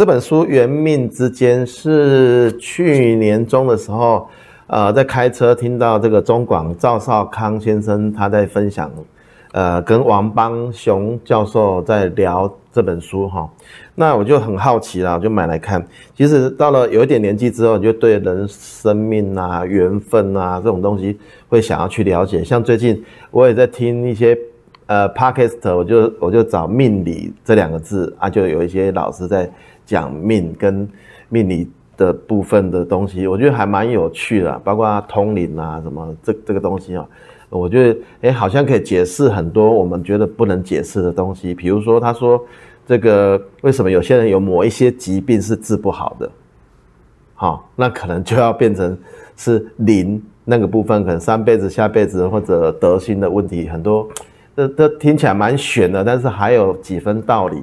這本書《緣命之間》是去年中的時候，呃，在開車聽到這個中廣趙少康先生他在分享，呃，跟王邦雄教授在聊這本書哈、哦，那我就很好奇了，我就買來看。其實到了有一點年紀之後，你就對人生命啊、緣分啊這種東西會想要去了解。像最近我也在聽一些。呃、uh, Podcast 我就我就找命理這兩個字啊，就有一些老師在講命跟命理的部分的東西，我覺得還蠻有趣的、啊，包括、啊、通靈啊什麼這這個東西啊，我覺得誒，好像可以解釋很多我們覺得不能解釋的東西，比如說他說這個為什麼有些人有某一些疾病是治不好的，好、哦，那可能就要變成是靈那個部分，可能上輩子、下輩子或者德行的問題很多。這，這聽起來蠻玄的，但是還有幾分道理，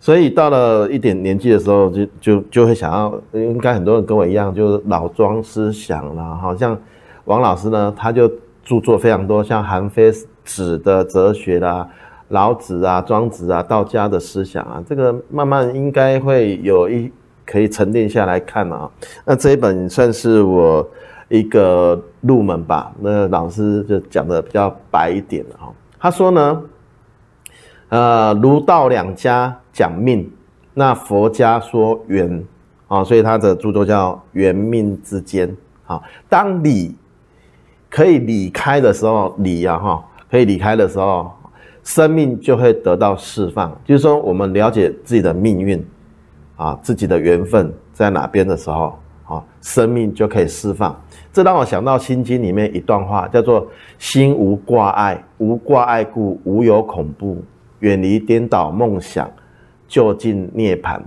所以到了一點年紀的時候，就就就會想要，應該很多人跟我一樣，就是老莊思想了。好像王老師呢，他就著作非常多，像韓非子的哲學啦、老子啊、莊子啊、道家的思想啊，這個慢慢應該會有一可以沉澱下來看了啊。那這一本算是我一個入門吧。那個、老師就講的比較白一點的他說呢，呃，儒道兩家講命，那佛家說緣，啊、哦，所以他的著作叫《緣命之間》哦。啊，當你可以離開的時候，離呀哈，可以離開的時候，生命就會得到釋放。就是說，我們了解自己的命運，啊、哦，自己的緣分在哪邊的時候。啊、哦，生命就可以釋放。這讓我想到《心經》裡面一段話，叫做“心無掛礙，無掛礙故，無有恐怖，遠離顛倒夢想，究竟涅槃”。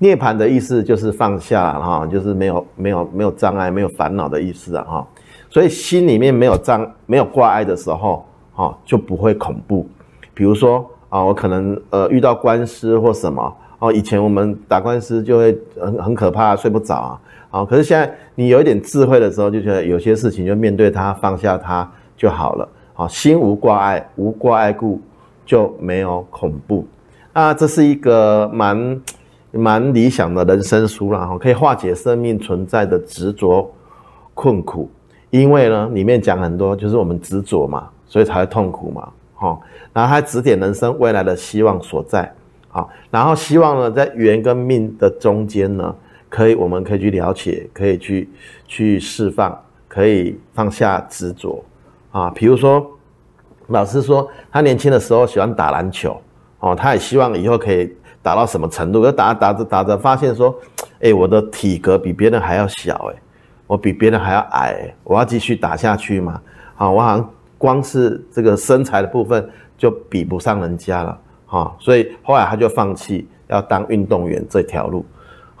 涅槃的意思就是放下，哈、哦，就是沒有沒有沒有障礙、沒有煩惱的意思啊，哈、哦。所以心裡面沒有障、沒有掛礙的時候，哦、就不會恐怖。比如說啊、哦，我可能呃遇到官司或什麼，哦，以前我們打官司就會很很可怕，睡不着啊。好，可是現在你有一點智慧的時候，就覺得有些事情就面對它，放下它就好了。好，心無掛礙，無掛礙故就沒有恐怖。啊，這是一個蠻蠻理想的人生書啦哈，可以化解生命存在的執着困苦。因為呢，裡面講很多就是我們執着嘛，所以才會痛苦嘛。哈，然後還指點人生未來的希望所在。好，然後希望呢，在緣跟命的中間呢。可以，我們可以去了解，可以去去釋放，可以放下執着啊。比如說，老師說他年輕的時候喜歡打籃球，哦，他也希望以後可以打到什麼程度。要打打着打着，發現說，哎、欸，我的體格比別人還要小、欸，哎，我比別人還要矮、欸，我要繼續打下去嘛。啊，我好像光是這個身材的部分就比不上人家了，啊，所以後來他就放棄要當運動員這條路。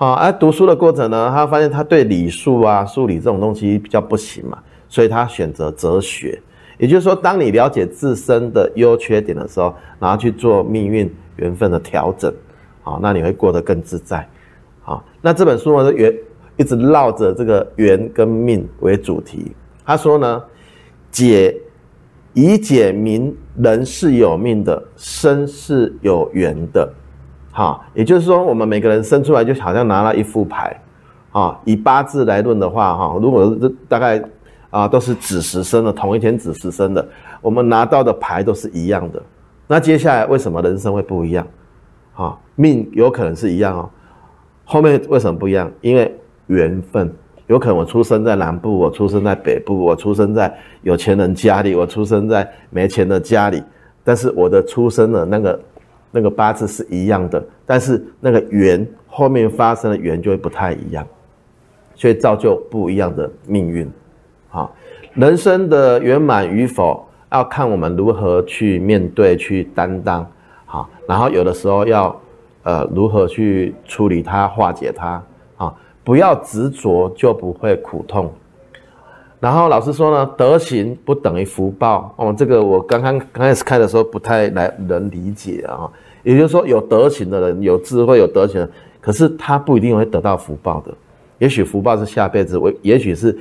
好，而讀書的過程呢，他發現他對理數啊、數理這種東西比較不行嘛，所以他選擇哲學。也就是說，當你了解自身的優缺點的時候，然後去做命運緣分的調整，好，那你會過得更自在。好，那這本書呢，原，一直繞着這個緣跟命為主題。他說呢，解，以解名，人是有命的，生是有緣的。哈，也就是說，我們每個人生出來就好像拿了一副牌，啊，以八字來論的話，哈，如果是大概啊都是子時生的，同一天子時生的，我們拿到的牌都是一樣的。那接下來為什麼人生會不一樣？哈，命有可能是一樣哦。後面為什麼不一樣？因為緣分。有可能我出生在南部，我出生在北部，我出生在有錢人家裡，我出生在沒錢的家裡。但是我的出生的那個。那個八字是一樣的，但是那個緣後面發生的緣就會不太一樣，所以造就不一樣的命運。好，人生的圓滿與否要看我們如何去面對、去擔當。好，然後有的時候要呃如何去處理它、化解它。啊，不要執着就不會苦痛。然後老師說呢，德行不等於福報。哦，這個我剛剛剛開始開的時候不太來能理解啊。也就是說，有德行的人，有智慧，有德行，可是他不一定會得到福報的。也許福報是下輩子，我也許是，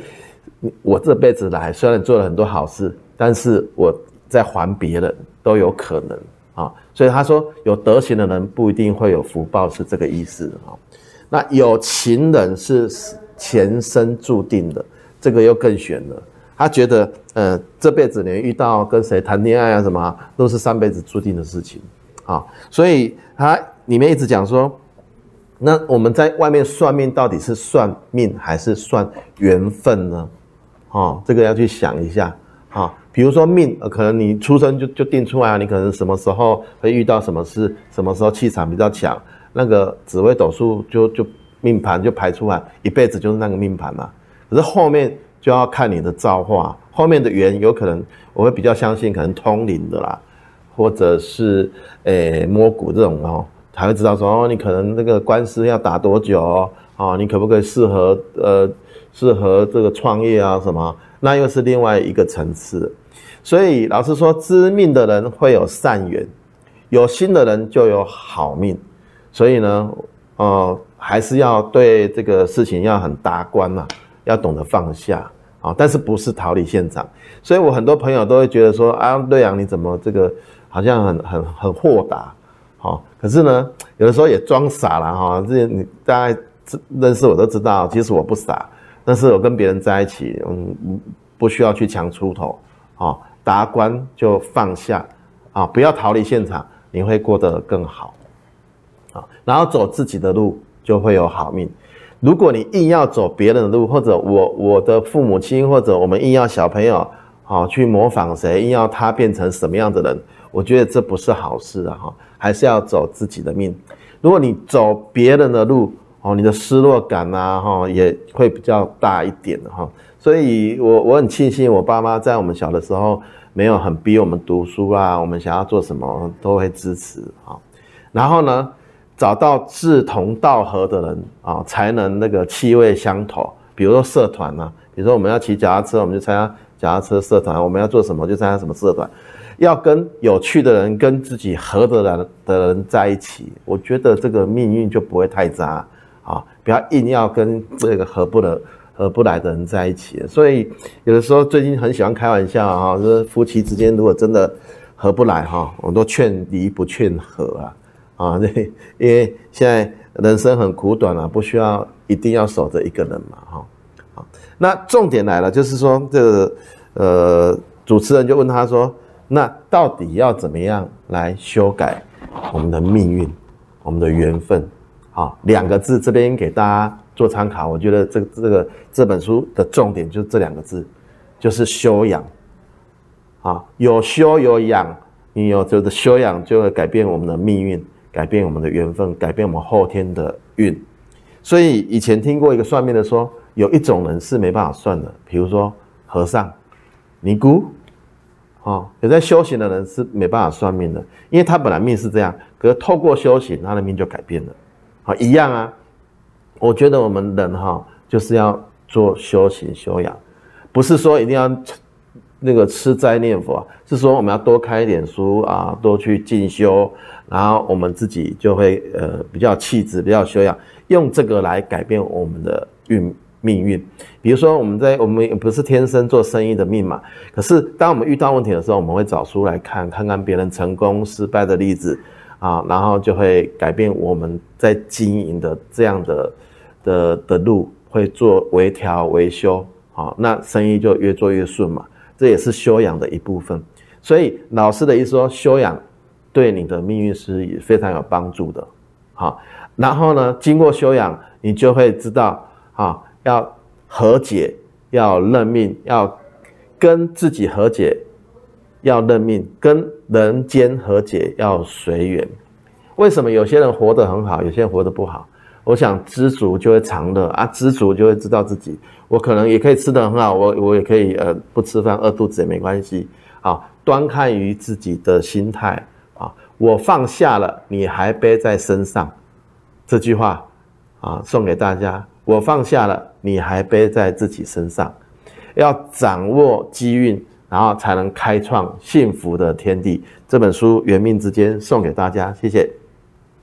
我這輩子來雖然做了很多好事，但是我在還別人都有可能啊。所以他說，有德行的人不一定會有福報，是這個意思啊。那有情人是前生注定的。這個又更玄了，他覺得，呃，這輩子能遇到跟誰談戀愛啊，什麼都是上輩子注定的事情，啊、哦，所以他裡面一直講說，那我們在外面算命到底是算命還是算緣分呢？啊、哦，這個要去想一下，啊、哦，比如說命、呃，可能你出生就就定出來、啊，你可能什麼時候會遇到什麼事，什麼時候氣場比較強，那個紫微斗數就就命盤就排出來，一輩子就是那個命盤嘛。可是後面就要看你的造化，後面的緣有可能我會比較相信，可能通靈的啦，或者是誒、欸、摸骨這種哦、喔，才會知道說哦、喔，你可能那個官司要打多久哦，啊、喔，你可不可以適合呃適合這個創業啊什麼？那又是另外一個層次。所以老實說，知命的人會有善緣，有心的人就有好命。所以呢，呃還是要對這個事情要很達觀嘛。要懂得放下啊，但是不是逃離現場？所以我很多朋友都會覺得說啊，瑞陽你怎麼這個好像很很很豁達，好、哦，可是呢，有的時候也裝傻了哈。這、哦、你大家認識我都知道，其實我不傻，但是我跟別人在一起，嗯，不需要去強出頭，啊、哦，達觀就放下，啊、哦，不要逃離現場，你會過得更好，哦、然後走自己的路就會有好命。如果你硬要走別人的路，或者我我的父母親，或者我們硬要小朋友，好去模仿誰，硬要他變成什麼樣的人，我覺得這不是好事啊哈，還是要走自己的命。如果你走別人的路，哦，你的失落感啊，哈，也會比較大一點哈。所以我我很慶幸，我爸媽在我們小的時候沒有很逼我們讀書啊，我們想要做什麼都會支持啊。然後呢？找到志同道合的人啊，才能那個氣味相投。比如說社團啊，比如說我們要騎腳踏車，我們就參加腳踏車社團；我們要做什麼，就參加什麼社團。要跟有趣的人，跟自己合得來的人在一起，我覺得這個命運就不會太渣啊。不要硬要跟這個合不來、合不來的人在一起。所以有的時候最近很喜歡開玩笑啊，就是夫妻之間如果真的合不來哈、啊，我們都勸離不勸和啊。啊，對，因為現在人生很苦短啊，不需要一定要守着一個人嘛，哈，好，那重點來了，就是說，這個、呃，主持人就問他說，那到底要怎麼樣來修改我們的命運，我們的緣分？啊，兩個字，這邊給大家做參考，我覺得這這個這本書的重點就這兩個字，就是修養，啊，有修有養，你有這個修養，就會改變我們的命運。改變我們的緣分，改變我們後天的運。所以以前聽過一個算命的說，有一種人是沒辦法算的，比如說和尚、尼姑，啊、哦，有在修行的人是沒辦法算命的，因為他本來命是這樣，可是透過修行，他的命就改變了。好、哦，一樣啊。我覺得我們人哈、哦，就是要做修行修養，不是說一定要。那個吃齋念佛啊，是說我們要多看一點書啊，多去進修，然後我們自己就會呃比較氣質比較修養，用這個來改變我們的運命運。比如說我們在我們也不是天生做生意的命嘛，可是當我們遇到問題的時候，我們會找書來看，看看別人成功失敗的例子啊，然後就會改變我們在經營的這樣的的的路，會做微調維修啊，那生意就越做越順嘛。這也是修養的一部分，所以老師的意思說，修養對你的命運是非常有幫助的。好，然後呢，經過修養，你就會知道，啊，要和解，要認命，要跟自己和解，要認命，跟人間和解，要隨緣。為什麼有些人活得很好，有些人活得不好？我想知足就會常樂啊，知足就會知道自己，我可能也可以吃得很好，我我也可以呃不吃飯餓肚子也沒關係啊。端看於自己的心態啊，我放下了你還背在身上，這句話啊送給大家，我放下了你還背在自己身上，要掌握機運，然後才能開創幸福的天地。這本書《緣命之間》送給大家，謝謝。